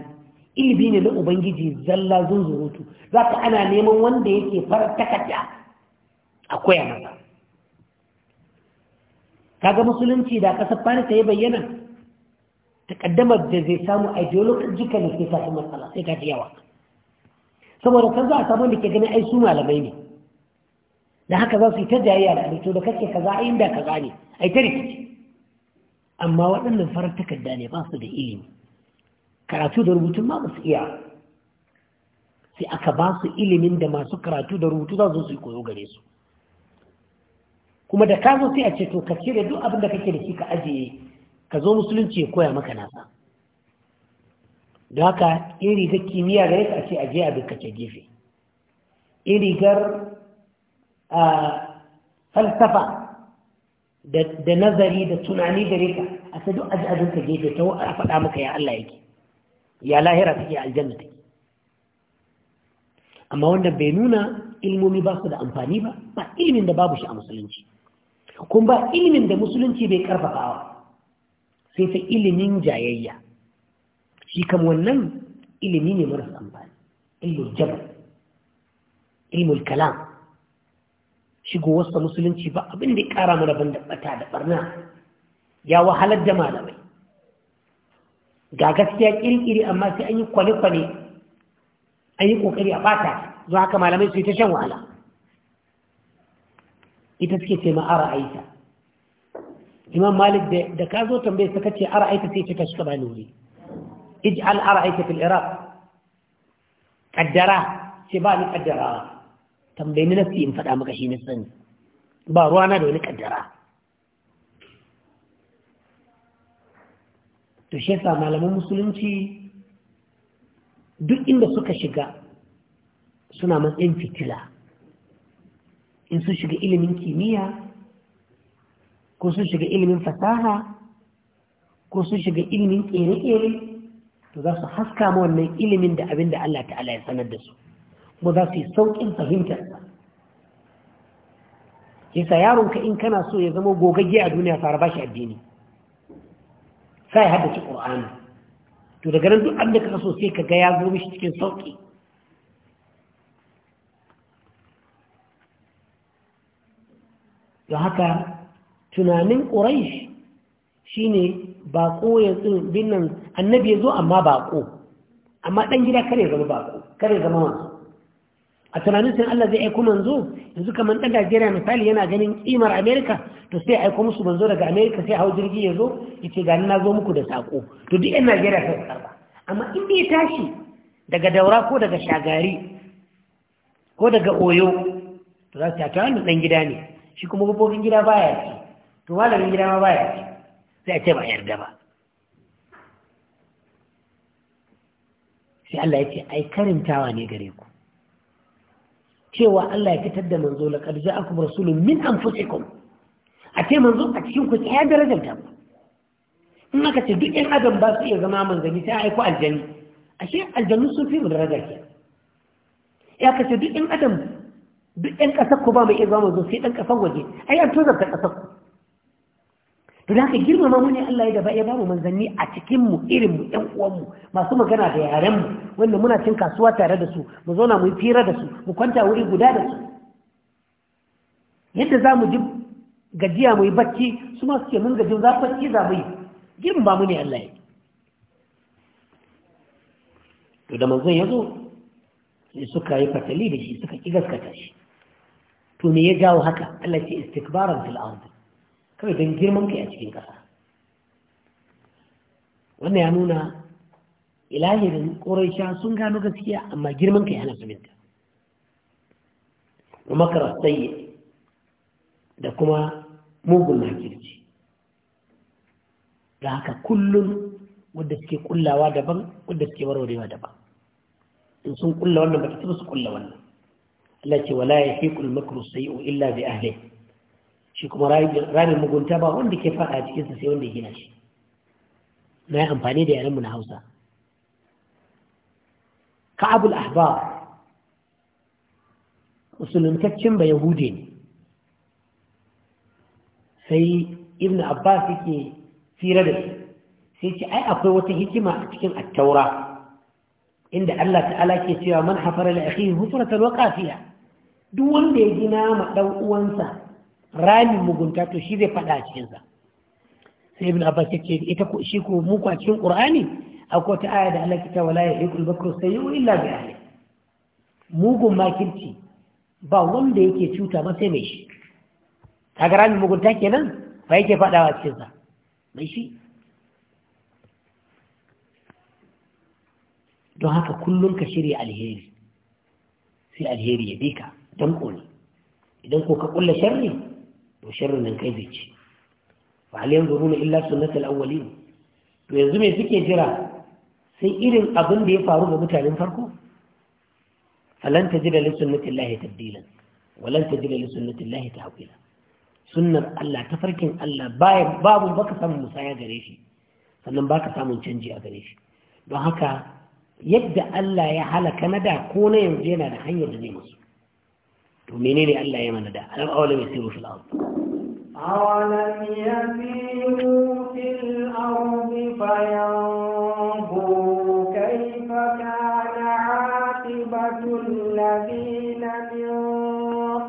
ilimi ne na ubangiji zalla zunzurutu za ka ana neman wanda yake fara takarda a koya masa kaga musulunci da ƙasar ta yi bayyana ta takaddamar da zai samu ideological sai ke matsala sai ta yawa saboda kan za a samu da ke ganin ai su malamai ne da haka za su yi ta jayayya da alito da kake kaza a inda kaza ne yi ta rikici amma waɗannan farar takarda ne ba su da ilimi karatu da rubutun ma ba iya sai aka ba su ilimin da masu karatu da rubutu za su yi koyo gare su kuma da ka sai a ce to ka cire duk abin da kake da shi ka ajiye ka zo musulunci ya koya maka nasa don haka in rigar kimiyya gare ka ce ajiye abin ka ce gefe in rigar falsafa da nazari da tunani gare ka a ce duk ajiye abin ka gefe ta a faɗa maka ya Allah yake ya lahira take aljanna take amma wanda bai nuna ilmomi ba su da amfani ba ba ilimin da babu shi a musulunci kun ba ilimin da musulunci bai karfafawa sai ta ilimin jayayya shi kam wannan ilimi ne marasa amfani ilimin jabal ilimin kalam shigowarsa musulunci ba abin da ya kara mana ban da bata da barna ya wahalar da malamai ga gaskiya kirkiri amma sai an yi kwale-kwale an yi kokari a bata zuwa haka malamai su yi ta shan wahala ita suke ce ma aita imam malik da ka zo tambaye suka ce aita sai ce ka shi bani wuri ij'al aita fil iraq kaddara ce ba ni kaddara tambaye ni nafsi in faɗa maka shi ne sani ba ruwa na da wani kaddara to shi yasa malaman musulunci duk inda suka shiga suna matsayin fitila in sun shiga ilimin kimiyya ko sun shiga ilimin fasaha ko sun shiga ilimin ƙere-ƙere to za su haska ma wannan ilimin da abin da Allah ta'ala ya sanar da su kuma za su yi sauƙin fahimtarsa yasa yaronka in kana so ya zama gogagge a duniya fara ba shi addini sai haddace ƙur'ani to daga nan duk abin da ka so sai ka ga ya zo mishi cikin sauƙi To haka tunanin ƙuraish shi ne baƙo ya tsin binnan annabi ya zo amma baƙo amma ɗan gida kare zama baƙo kare zama wanzu a tunanin sun Allah zai aiko manzo yanzu kamar ɗan Najeriya misali yana ganin ƙimar Amerika to sai aiko musu manzo daga Amerika sai hau jirgi ya zo ya ce gani na zo muku da saƙo to duk ‘yan Najeriya sai karba amma in bai tashi daga daura ko daga shagari ko daga oyo to za su ta wani ɗan gida ne shi kuma gubobin gida baya ci to malamin gida ma baya ci sai a ce ba yarda ba sai Allah ya ce ai karintawa ne gare ku cewa Allah ya fitar da manzo la qad ja'akum rasulun min anfusikum a ce manzo a cikin ku ya darajanta ku in aka ce duk ɗan adam ba su iya zama manzani sai aiko aljani ashe aljannu sun fi mu daraja ke ya ka ce duk ɗan adam duk ɗan ƙasar ku ba mai iya mai zo sai ɗan ƙasar waje ai an tozar ta ƙasar ku to da haka girmama mu ne Allah ya gaba ya ba mu manzanni a cikin mu irin mu uwan masu magana da yaren mu wanda muna cin kasuwa tare da su mu zauna mu yi fira da su mu kwanta wuri guda da su yadda za mu ji gajiya mu yi bacci su ma suke mun gajin za za mu yi girmama mu ne Allah ya to da manzon ya zo sai suka yi fatali da shi suka ƙi gaskata shi to me ya jawo haka Allah ce istikbaran fil ardi kai dan girman kai a cikin ƙasa wannan ya nuna da quraisha sun gano gaskiya amma girman kai yana zuminta wa makara tsaye da kuma mugun makirci da haka kullum wadda suke kullawa daban wadda suke warwarewa daban in sun kulla wannan ba ta su kulla wannan التي ولا يحيق المكر السيء إلا بأهله شكما رأي المقنطة بأهون دي كفاءة جيسا سيون دي جناش ما يأمباني دي أنا هوسا كعب الأحبار رسول المكتشن بيهودين سي ابن عباس كي في ردل سي اي اقوته كما اتكن التوراة عند الله تعالى كي من حفر لأخيه فترة الوقع فيها duk wanda ya gina ma ɗan uwansa rami mugunta to shi zai faɗa a cikinsa sai ibn abbas ya ce ita ko shi ko mu kwa cikin qur'ani akwai ta aya da Allah ke ta wala ya ikul bakru Yau illa bi ahli mugun makirci ba wanda yake cuta ba sai mai shi kaga rami mugunta kenan ba yake faɗawa a cikinsa mai shi don haka kullum ka shirya alheri sai alheri ya bika don ƙoni idan ko ka ƙulla sharri to sharri nan kai zai ci fa zuru na illa sunnatal awwalin to yanzu me suke jira sai irin abin da ya faru ga mutanen farko falan tajida li ta tabdilan walan na li ta haƙila sunnar Allah ta farkin Allah baya babu baka samun musaya gare shi sannan baka samun canji a gare shi don haka yadda Allah ya halaka na da ko na yanzu yana da hanyar da zai musu منيني ألا يمن دا أنا أولم يسيروا في الأرض أولم يسيروا في الأرض فينبوا كيف كان عاقبة الذين من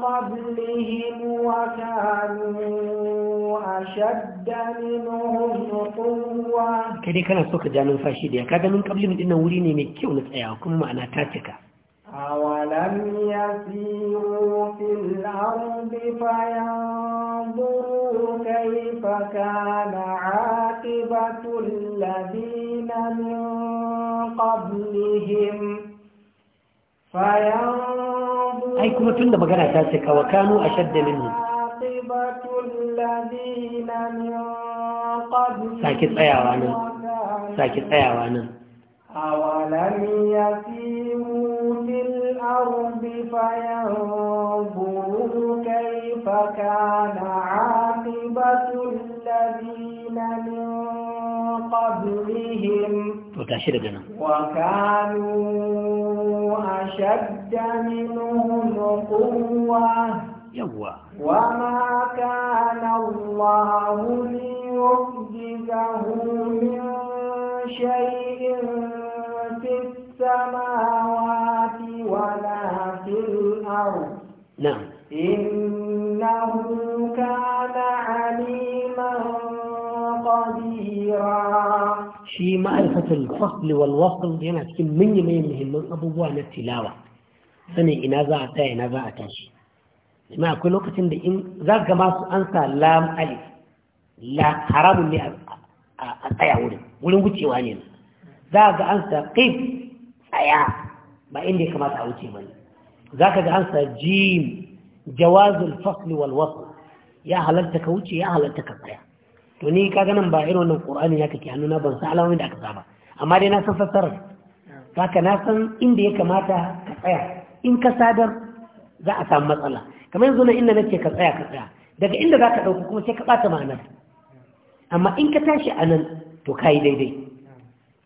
قبلهم وكانوا أشد منهم قوة كذلك كان السوق جانو فاشيدي كده من قبل من إنه وريني مكيونة أياه كم معنى تاتيكا أولم يسيروا في الأرض فينظروا كيف كان عاقبة الذين من قبلهم فينظروا أي كما تند مغانا تاسك وكانوا أشد منهم عاقبة الذين من قبلهم ساكت أيوانا ساكت أيوانا أولم يسيروا في الأرض فينظروا كيف كان عاقبة الذين من قبلهم وكانوا أشد منهم قوة وما كان الله ليعجزه من شيء السماوات ولا في الأرض نعم إنه كان عليما قديرا shi ma'arifatul fasl wal wasl yana cikin manyan muhimman abubuwa na tilawa Sani ina za a tsaya ina za a tashi Ina akwai lokacin da in za ga masu an sa lam alif la haramun ne a tsaya wurin wurin wucewa ne za ga an sa tsaya ba inda ya kamata a wuce bane za ka ga hansa jim jawazul fasli wal ya halarta ka wuce ya halarta ka tsaya to ni ka ganin ba irin wannan qur'ani ya kake hannuna, ban san alamomin da aka saba amma dai na san za ka na san inda ya kamata ka tsaya in ka sadar za a samu matsala kamar yanzu na inda nake ka tsaya ka tsaya daga inda za ka ɗauka kuma sai ka ɓata ma'anar amma in ka tashi a nan to ka yi daidai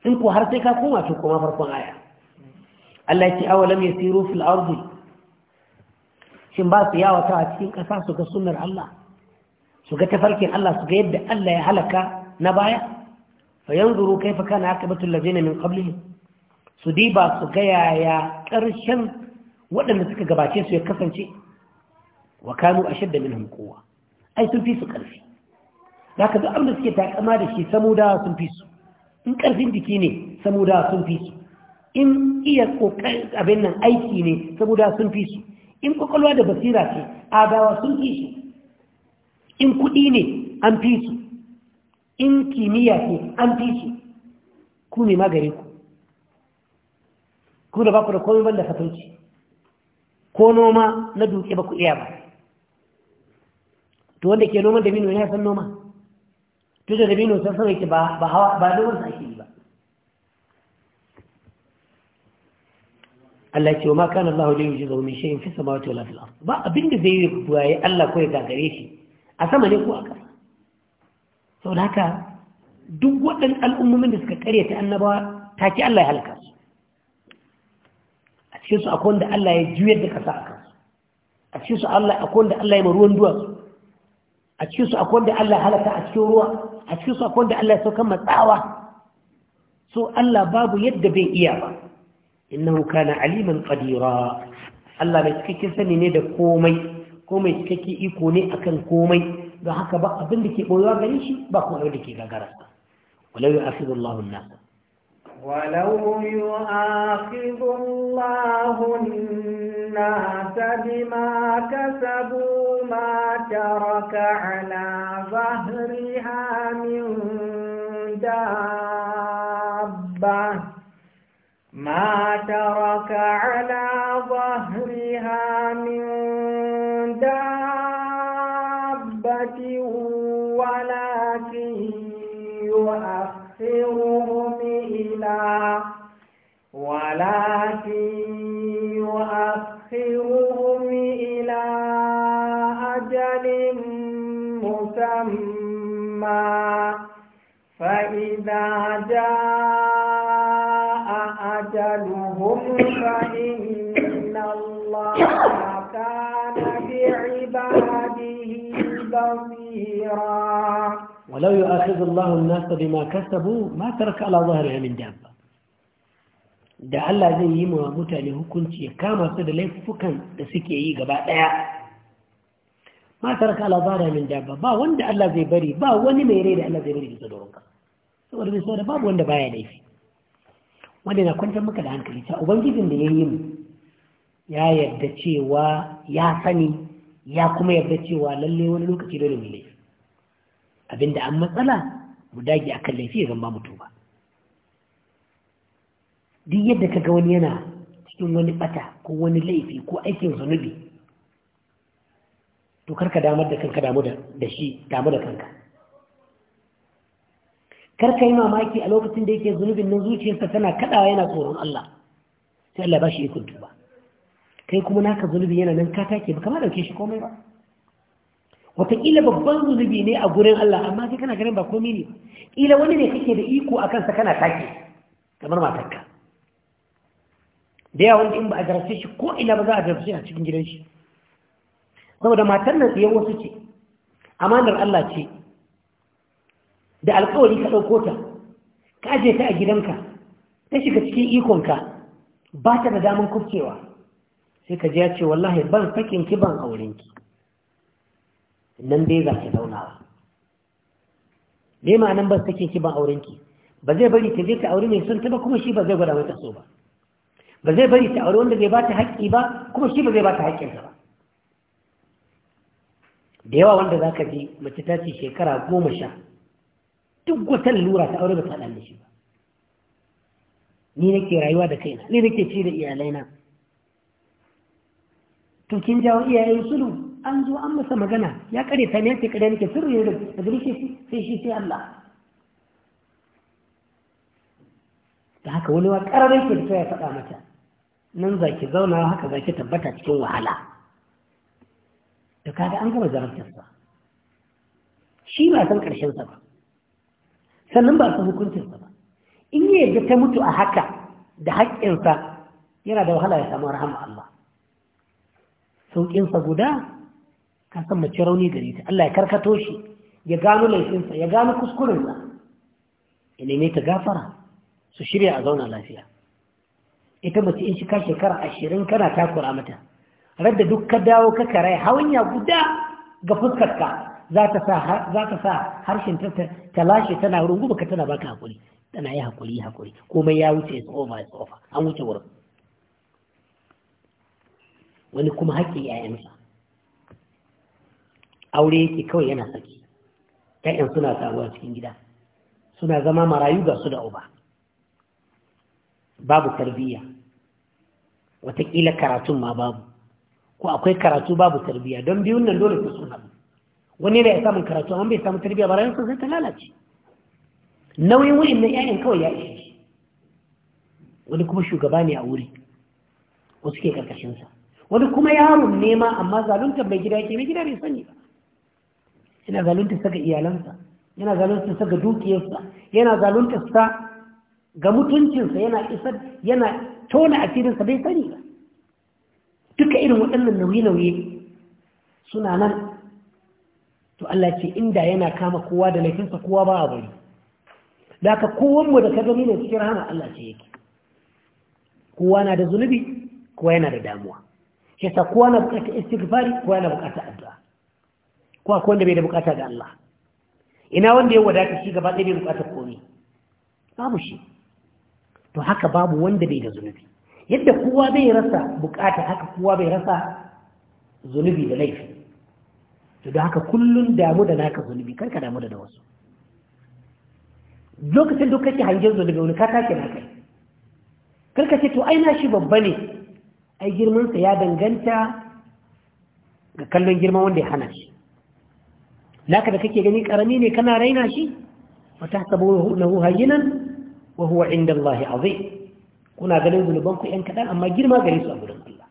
in ko har sai ka koma to kuma farkon aya Allah ya ce awalam yasiru fil ardi shin ba su yawata a cikin ƙasa su ga sunnar Allah su ga tafarkin Allah su ga yadda Allah ya halaka na baya fa yanzuru kaifa kana aqibatul ladina min qablihim su diba su ga yaya ƙarshen waɗanda suka gabace su ya kasance wa kanu ashadda minhum quwwa ai sun fi su ƙarfi zaka duk abin da suke takama da shi samudawa sun fi su in ƙarfin jiki ne samudawa sun fi su in iya kokarin abin nan aiki ne saboda sun fi su in kwakwalwa da basira ce adawa sun fi su in kuɗi ne an fi su in kimiyya ce an fi su ku ne magare ku ku da ba ku da komai ban da fatanci ko noma na duke ba ku iya ba to wanda ke noman dabino ya san noma to da dabino sun sama yake ba ba hawa ba noman sa ne. Allah ce wa ma kana Allah da yuji zaune shayin fi samawati wala fil ardh ba abin da zai yi buwaye Allah ko ya gagare shi a sama ne ko a ƙasa saboda haka duk waɗannan al'ummomin da suka ta annabawa take Allah ya halaka su a cikin su akwai wanda Allah ya juyar da ƙasa a kan su a cikin su Allah akwai wanda Allah ya ma ruwan duwatsu a cikin su akwai wanda Allah ya halaka a cikin ruwa a cikin su akwai wanda Allah ya saukan matsawa so Allah babu yadda bai iya ba innahu kana aliman qadira Allah mai cikakken sani ne da komai komai cikakken iko ne akan komai don haka ba abin da ke boyewa gare shi ba kuma abin da ke gagara walau yu'akhidhu Allahu an-nas ولو يؤاخذ الله الناس بما كسبوا ما ترك على ظهرها من dabba. ما ترك على ظهرها من دابة ولكن يؤخرهم إلى ولكن يؤخر ولو يؤاخذ الله الناس بما كسبوا ما ترك على ظهرها من دابة da Allah zai yi ma mutane hukunci ya kama su da laifukan da suke yi gaba daya ma tarka ala zara min dabba ba wanda Allah zai bari ba wani mai rai da Allah zai bari da doron ka saboda bai saboda babu wanda baya laifi wanda na kwantar maka da hankali ta ubangijin da ya yi mu ya yarda cewa ya sani ya kuma yarda cewa lalle wani lokaci dole mu laifi Abin da an matsala mu dage akan laifi ya zama mutu ba duk yadda kaga wani yana cikin wani bata ko wani laifi ko aikin zunubi to karka damar da kanka damu da shi damu da kanka karka yi mamaki a lokacin da yake zunubin nan zuciyarsa tana kadawa yana tsoron Allah sai Allah ba shi ikon tuba kai kuma naka zunubi yana nan ka take ba kama dauke shi komai ba wataƙila babban zubi ne a gurin Allah amma sai kana ganin ba komi ne ƙila wani ne kake da iko a kansa kana take kamar matarka da yawa wani in ba a jarabce shi ko ina ba za a jarabce a cikin gidan shi saboda matar nan tsayen wasu ce amanar Allah ce da alkawari ka ɗauko ta ka je ta a gidanka ta shiga cikin ikonka ba ta da damar kufcewa sai ka je ya ce wallahi ban sakin ki ban aurenki nan dai za ki zaunawa me nan ba su take ki aurenki ba zai bari ta je ta aure mai son ba kuma shi ba zai gwada mai taso ba ba zai bari ta aure wanda zai ba ta haƙƙi ba kuma shi ba zai ba ta haƙƙinsa ba da yawa wanda za ka ji mace ta ce shekara goma sha duk wata lura ta aure ba ta ɗan shi ba ni nake rayuwa da kaina ni nake ci da iyalaina to kin jawo iyayen sulu an zo an masa magana ya kare ta ne ya ce kare nake sirri da gari sai shi sai Allah da haka wani wa ƙararin kirkito ya faɗa mata nan za ki zauna haka za ki tabbata cikin wahala da kaga an gama zarantarsa shi ba san sa ba sannan ba hukuncin hukuncinsa ba in yi yadda ta mutu a haka da haƙƙinsa yana da wahala ya samu rahama Allah sauƙinsa guda ka san mace rauni gare ta Allah ya karkato shi ya gano laifinsa ya gano kuskurensa ya neme ta gafara su shirya a zauna lafiya ita mace in shika shekara ashirin kana takura mata radda duk ka dawo ka karai hawanya guda ga fuskarka za ta sa harshen ta lashe tana rungu baka tana baka hakuri tana yi hakuri hakuri komai ya wuce it's over it's over an wuce wurin wani kuma haƙƙin 'ya'yansa aure yake kawai yana saki ƴaƴan suna taruwa cikin gida suna zama marayu ga su da uba babu tarbiyya watakila karatun ma babu ko akwai karatu babu tarbiyya don biyun nan dole su sun haɗu wani da ya samun karatu an bai samu tarbiyya barayin sun sai ta lalace nauyin wurin na ƴaƴan kawai ya ishe wani kuma shugaba ne a wuri wasu ke karkashinsa wani kuma yaron nema amma zalunta mai gida yake mai gida bai sani ba yana zalunta sa ga iyalansa yana zalunta sa ga dukiyarsa yana zalunta sa ga mutuncinsa yana isar yana tona asirinsa bai sani ba duka irin waɗannan nauyi-nauyi suna nan to Allah ce inda yana kama kowa da laifinsa kowa ba a bari da aka kowanmu da ka gani ne cikin hana Allah ce yake kowa na da zunubi kowa yana da damuwa shi sa kowa na bukatar istighfari kowa yana bukatar addu'a ko akwai wanda bai da bukata ga Allah ina wanda ya wadata shi gaba ɗaya bai bukatar komai babu shi to haka babu wanda bai da zunubi yadda kowa bai rasa bukata haka kowa bai rasa zunubi da laifi to da haka kullun damu da naka zunubi kar ka damu da wasu lokacin duk kake hangen zunubi wani ka take na kai Kar ka ce to ai na shi babba ne ai girmansa ya danganta ga kallon girman wanda ya hana shi naka da kake gani karami ne kana raina shi wa tahsabunahu hayyinan wa huwa inda Allah azim kuna ganin zunuban ku yan kaɗan? amma girma gare su a gurin Allah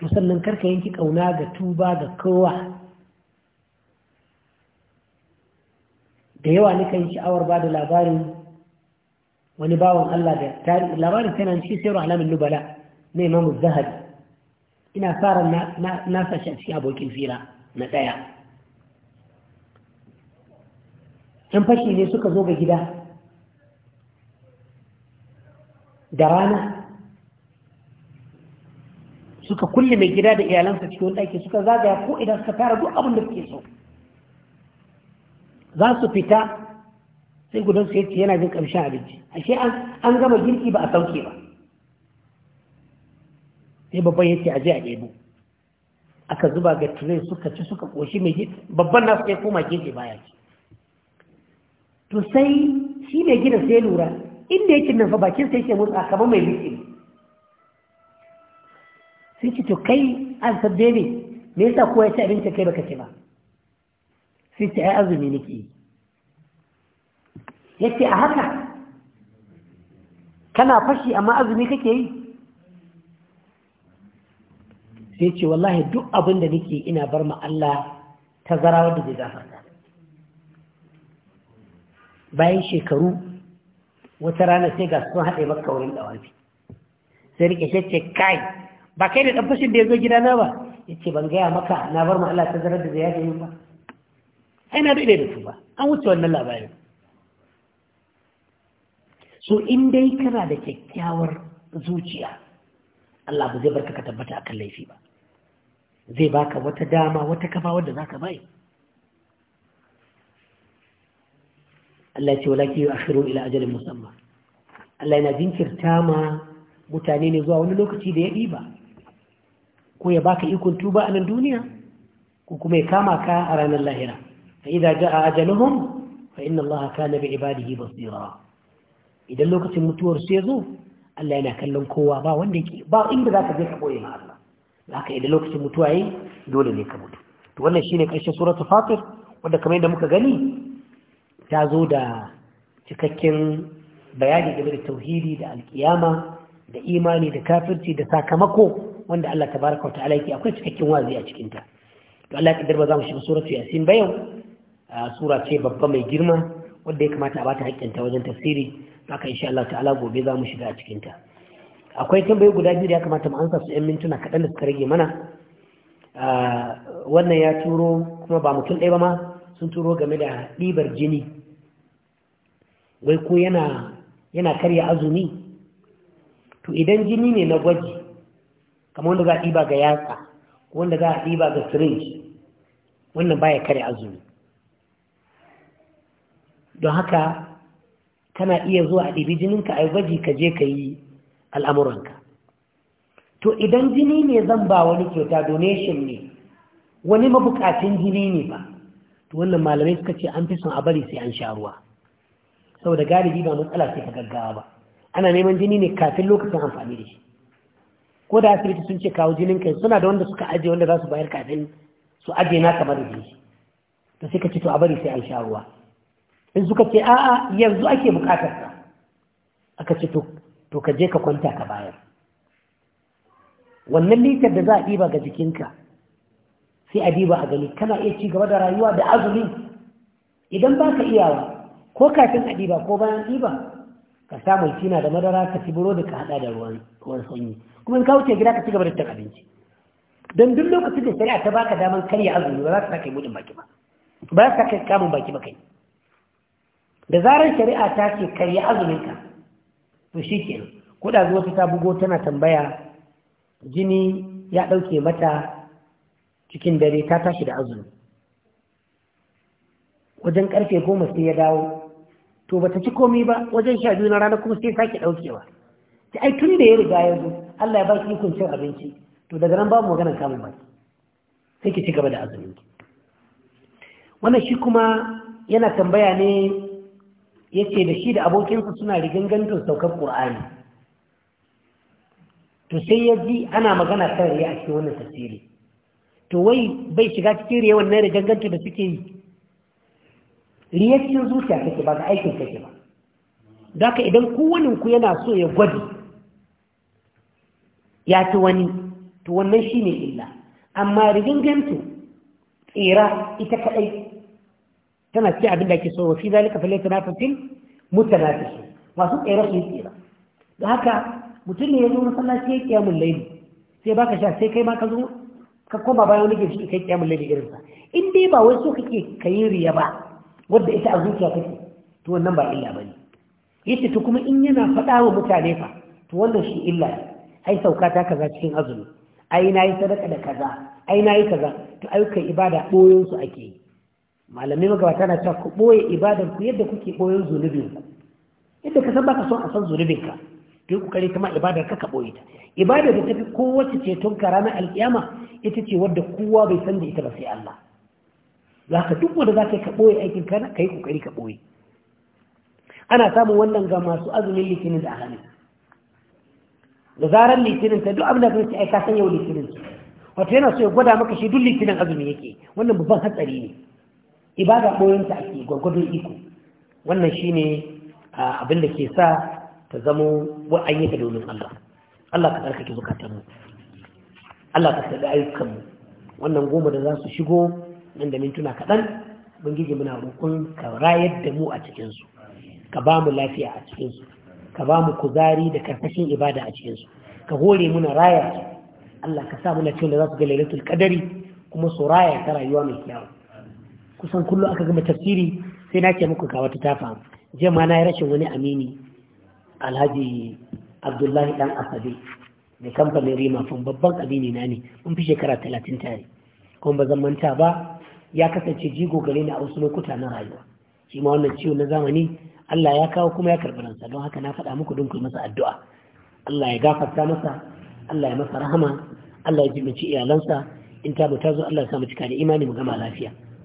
musannan karka yanki kauna ga tuba ga kowa da yawa nika yi sha'awar ba da labarin wani bawan Allah da labarin tana shi sai alamin nubala na imamu zahabi ina fara na sashi a cikin abokin fira na ɗaya ƴan fashi ne suka zo ga gida da rana suka kulle mai gida da iyalansa cikin ɗaki suka zagaya ko idan suka tara duk abin da suke so za su fita sai gudansu ya ce yana jin ƙarshen abinci ashe an gama girki ba a sauke ba sai babban ya ce a je a ɗebo aka zuba ga tire suka ci suka koshi mai gida babban nasu ya koma gefe baya ce to sai shi mai gida sai lura inda yake nan fa bakin sai ke mutsa kamar mai biki sai ce to kai an sabbe ne me yasa kowa ya ci abinci kai baka ci ba sai ce ai azumi nake yi yace a haka kana fashi amma azumi kake yi sai ce wallahi duk abin da nake ina bar mu Allah tazara wanda zai gafarta bayan shekaru wata rana sai ga sun haɗe maka wurin ɗawafi sai rike shacce kai ba kai da ɗanfashin da ya zo gidana ba ya ce ban gaya maka na bar mu Allah tazarar da zai yaje yin ba ai na daɗe da su ba an wuce wannan labarin so in dai kana da kyakkyawar zuciya Allah ba zai barka ka tabbata akan laifi ba zai baka wata dama wata kafa wadda za ka bai Allah ce walaki yi ashirin ila ajalin musamman Allah yana jinkirta ma mutane ne zuwa wani lokaci da ya diba, ko ya baka ikon tuba a nan duniya ko kuma ya kama ka a ranar lahira fa idza jaa ajaluhum fa inna allaha kana bi ibadihi basira idan lokacin mutuwar su ya zo Allah yana kallon kowa ba wanda ke ba inda zaka je ka boye ma Allah haka idan lokacin mutuwa yi dole ne ka mutu to wannan ne ƙarshen suratul fatir wanda kamar yadda muka gani ta zo da cikakken bayani game da tauhidi da alkiyama da imani da kafirci da sakamako wanda Allah tabaraka wa ta'ala yake akwai cikakken wazi a cikin ta to Allah ya ba za mu shiga suratul yasin ba yau sura ce babba mai girma wanda ya kamata a bata hakkinta wajen tafsiri haka insha Allah ta'ala gobe za mu shiga a cikin akwai tambayi guda biyu da ya kamata mu ansa su 'yan mintuna kaɗan da suka rage mana wannan ya turo kuma ba mutum ɗaya ba ma sun turo game da ɗibar jini wai ko yana karya azumi to idan jini ne na gwaji kamar wanda za a ɗiba ga yatsa ko wanda za a ɗiba ga syringe wannan baya karya azumi don haka kana iya zuwa a ɗibi jininka a gwaji ka je ka yi al'amuranka to idan jini ne zan ba wani kyauta donation ne wani mabukacin jini ne ba to wannan malamai suka ce an fi son a bari sai an sha ruwa saboda galibi ba matsala sai ka gaggawa ba ana neman jini ne kafin lokacin amfani da shi ko da asibiti sun ce kawo jinin kai suna da wanda suka aje wanda za su bayar kafin su aje na kamar da jini to sai ka ce to a bari sai an sha ruwa in suka ce a'a yanzu ake bukatar ka aka ce to to ka je ka kwanta ka bayar wannan litar da za a ɗiba ga jikinka sai a diba a gani kana iya ci gaba da rayuwa da azumi idan ba ka iyawa ko kafin a ɗiba ko bayan ɗiba ka samu cina da madara ka ci burodi ka haɗa da ruwan sanyi kuma in ka wuce gida ka ci gaba da cin abinci don duk lokacin da shari'a ta baka daman karya azumi ba za ka kai mudin baki ba ba za ka kai kamun baki ba kai da zarar shari'a ta ce karya azuminka to shi ke kuɗa zuwa ta bugo tana tambaya jini ya ɗauke mata cikin dare ta tashi da azumi wajen ƙarfe goma sai ya dawo to bata ci komi ba wajen sha biyu na rana kuma sai sake ɗaukewa ta ai tun da ya riga ya zo Allah ya ba ki ikon cin abinci to daga nan babu magana kamun ba, sai ki ci gaba da azumi. wannan shi kuma yana tambaya ne Ya ce da shi da abokinsa suna rigangantar saukar ƙur'ani to sai ya ji ana magana kan riya a cikin wannan tafsiri to wai bai shiga cikin riya wannan rigangantu da suke yi riya zuciya take ba ga aikin take ba da idan kowanin yana so ya gwadi ya ci wani to wannan shi ne illa amma rigangantu tsira ita kaɗai tana cikin abin da ake so wa fi zalika falaysa nafatil mutanafisu masu tsere su tsira da haka mutum ne ya zo masallaci ya kiyamun laili sai baka sha sai kai ma ka zo ka koma bayan wani gishi kai kiyamun laili irin sa in dai ba wai so kake kai riya ba wadda ita a zuciya kake to wannan ba illa bane yace to kuma in yana fada wa mutane fa to wannan shi illa ne ai sauka ta kaza cikin azumi ai nayi sadaka da kaza ai nayi kaza to ayyukan ibada boyon su ake yi malamai magabata na cewa ku ɓoye ibadar yadda kuke ɓoyen zunubin ku yadda ka san baka son a san zunubin ka to yi kokari kama ibadar ka ka ɓoye ta ibadar da tafi kowace ceton ka ranar alkiyama ita ce wadda kowa bai san da ita ba sai Allah za ka duk wanda za ka yi ka ɓoye aikin ka ka yi kokari ka ɓoye ana samun wannan ga masu azumin litinin da alhamis da zarar litinin ta duk abin da zai ce ai ka san yau litinin wato yana so ya gwada maka shi duk litinin azumi yake wannan babban hatsari ne ibada ɓoyinta ake gwagwadon iko wannan shi ne abin da ke sa ta zamo wa'an yi da domin Allah Allah ka ɗarkake zukatanmu Allah ka saɗi ayyukanmu wannan goma da za su shigo nan da mintuna kaɗan gije muna roƙon ka rayar da mu a cikinsu ka ba mu lafiya a cikinsu ka ba mu kuzari da karkashin ibada a cikinsu ka hore muna raya Allah ka sa muna cewa za su ga lailatul qadari kuma su raya ta rayuwa mai kyau kusan kullum aka gama tafsiri sai na ce muku ga wata tafa jama na yi rashin wani amini alhaji abdullahi dan asabe mai kamfanin rima fun babban amini na ne mun fi shekara talatin tare kuma ba zan manta ba ya kasance jigo gare ni a wasu lokuta na rayuwa shi ma wannan ciwo na zamani Allah ya kawo kuma ya karɓi ransa don haka na faɗa muku don ku masa addu'a Allah ya gafarta masa Allah ya masa rahama Allah ya jibinci iyalansa in ta ta zo Allah ya samu cika da imani mu gama lafiya